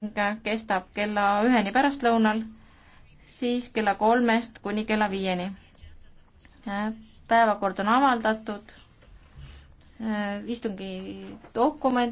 Äh, kestab kella üheni pärastlõunal, siis kella kolmest kuni kella viieni. Äh, päevakord on avaldatud, äh, istungi dokument